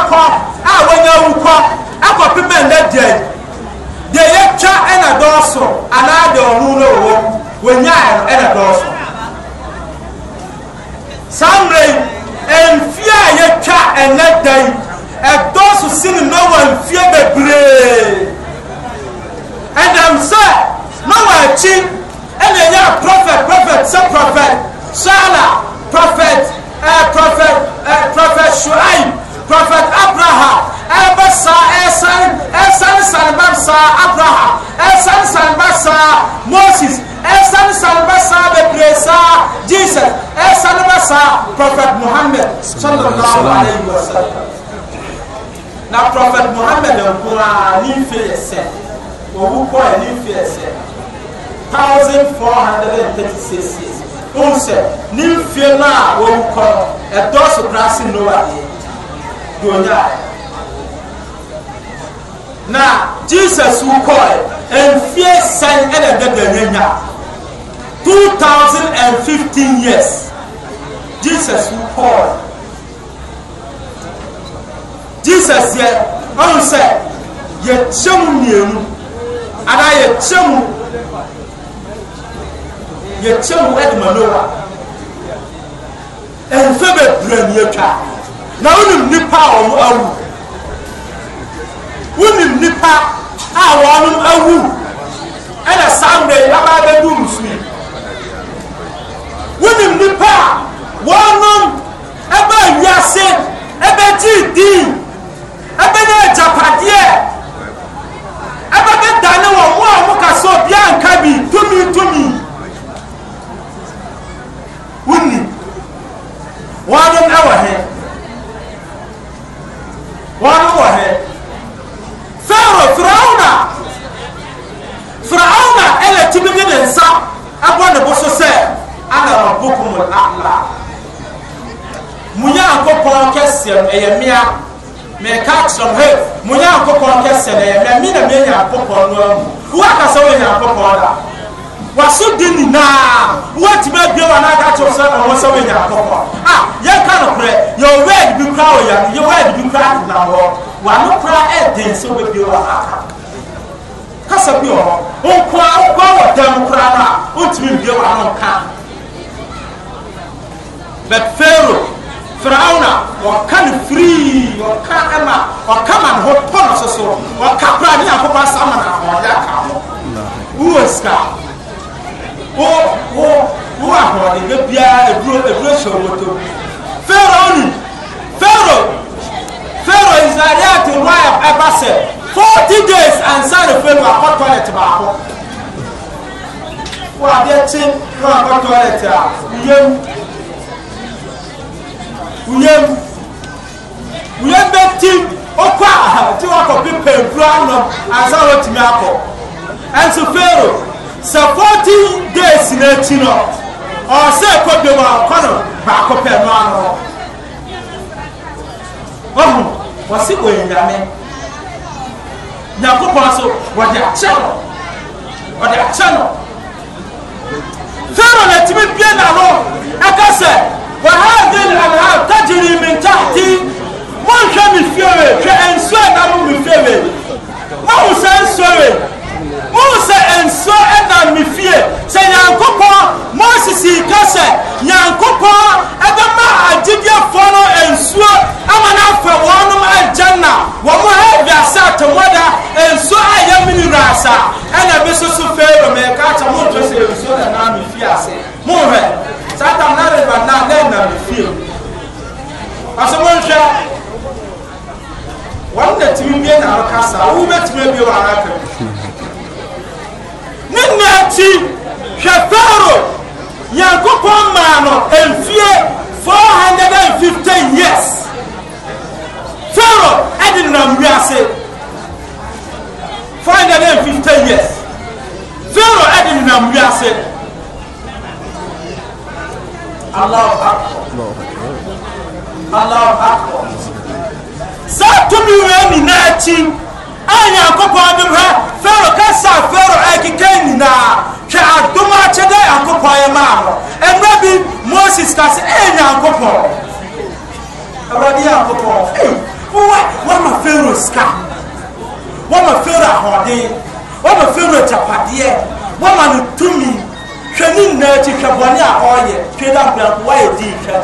akɔ a wɔnya awukɔ akɔpema nna gyae deɛ yɛtwa ɛna dɔɔso anaa deɛ ɔho no wɔ wɔnyaeɛ no ɛna dɔɔso saa mmerɛ yi mfie a yɛtwa ɛnɛ da yi ɛdɔɔso si ne nɔwa mfie bebree ɛnam sɛ nɔwa akyi ɛna ɛnyɛ prɔfɛt prɔfɛt sɛ prɔfɛt saala prɔfɛt ɛɛ prɔfɛt ɛɛ prɔfɛt suaib prophet Abraham, ɛbɛ saa ɛsan ɛsan sanba saa abraha moses ɛsan sanba bebree saa jesus ɛsan ba saa prophet muhammed sallallahu alayhi wa sallam na prophet muhammed nkoraa ne nfe yɛ sɛ owu kɔɛ ne thousand four hundred and thirty six years n sɛ ne nfe no a wɔwu kɔ no ɛdɔɔso kora se noa deɛ Donna. Na Jesus wokɔe mfie sɛn ɛna dada n'anya two thousand and fifteen years Jesus wokɔe Jesus yɛ ɔn sɛ yɛkyɛ mu mmienu anaa yɛkyɛ mu yɛkyɛ mu ɛdima noa mfe bebree ni atwa na wonim nipa a ɔmo awu wonim nipa a wɔnom awu ɛna saa mmerɛ aba abɛdum sui wonim nipa a wɔnom ɛba awiase ɛbɛgye din ɛbɛnya agyapadeɛ ɛbɛbɛdane wɔ mo a mo ka sɛ obiaa nka bi tumi tumi wonim wɔnom ɛwɔ he nsa abɔ ne bo so sɛ ana rabbukum al-a'la mo nyankopɔn kɛseɛ no ɛyɛ mmea mɛka akyerɛ mo he mo nyankopɔn kɛseɛ no ɛyɛ mmea me na meyɛ nyankopɔn no amu woaka sɛ woyɛ nyankopɔn da waso di nyinaa wotumi abie wa n'aka kyerɛ sɛ ɔmo sɛ woyɛ nyankopɔn a yɛka nokorɛ yɛwɔ wɛɛdi bi kora wɔ yɛn yɛwɔ wɛɛdi bi kora atena hɔ wa no kora ɛden sɛ wobɛbie wa n'aka kasa bi wɔ hɔ nkoa nkoa wɔ dɛm kora no a ɔntumi mbie wɔ ano nka but pharaoh firawuna ɔka no firii ɔka ɛma ɔka ma ne ho tɔ no soso ɔka koraa ne yankopɔ asa ma na ɔde aka ho wowɔ sika wo wo wo ahoɔden bɛ biara eduro eduro hyɛ woto pharaoh ni pharaoh pharaoh israeli ati royal ɛba sɛ forty days ansa ne pharaoh tɔɔlɛti baako wo adeɛ kye na wakɔ tɔɔlɛti a wuyam wuyam wuyam bɛ tim okɔ a ti wakɔ pepa nkuro anam ansa wɔtumi akɔ ɛnso fero sɛ fourteen days n'akyi no ɔsɛ ɛkɔ dwom a ɔkɔ no baako pɛ no ano ɔhu wɔsi wɔ enyame nyankopɔn so wɔde akyɛ no wɔde akyɛ no fɛrɛ na tumi bie na no ɛka sɛ wahadil anhar tajiri min ta saa ɛna bi soso fɛɛrɛ mɛ kaakye mo ntɔ sɛ nsuo na naa mi fie ase mo hwɛ saa na reba naa na ɛna mi fie ɔsɛ mo nhwɛ wɔn na tìmi bie na ɔka saa wo bɛ tìmi bie wɔ ara kɛ ne nna akyi hwɛ fɛɛrɛ yankokɔn maa no mfie four hundred and fifty years fɛɛrɛ ɛde nam wiase. Allahu akbar Allahu akbar saa tumi wei nyinaa akyi a nyankopɔn de hwɛ fɛro kasa fɛro akeka nyinaa hwɛ adom akyɛ dɛ nyankopɔn yɛ maa no ɛmmerɛ bi moses ka sɛ ɛyɛ nyankopɔn awurade nyankopɔn wowa woama fɛro sika woama fɛro ahoɔden woama fɛro agyapadeɛ woama no tumi twani nyinaa akyi hwɛ bɔne a ɔreyɛ twe da mperankowa dii hwɛ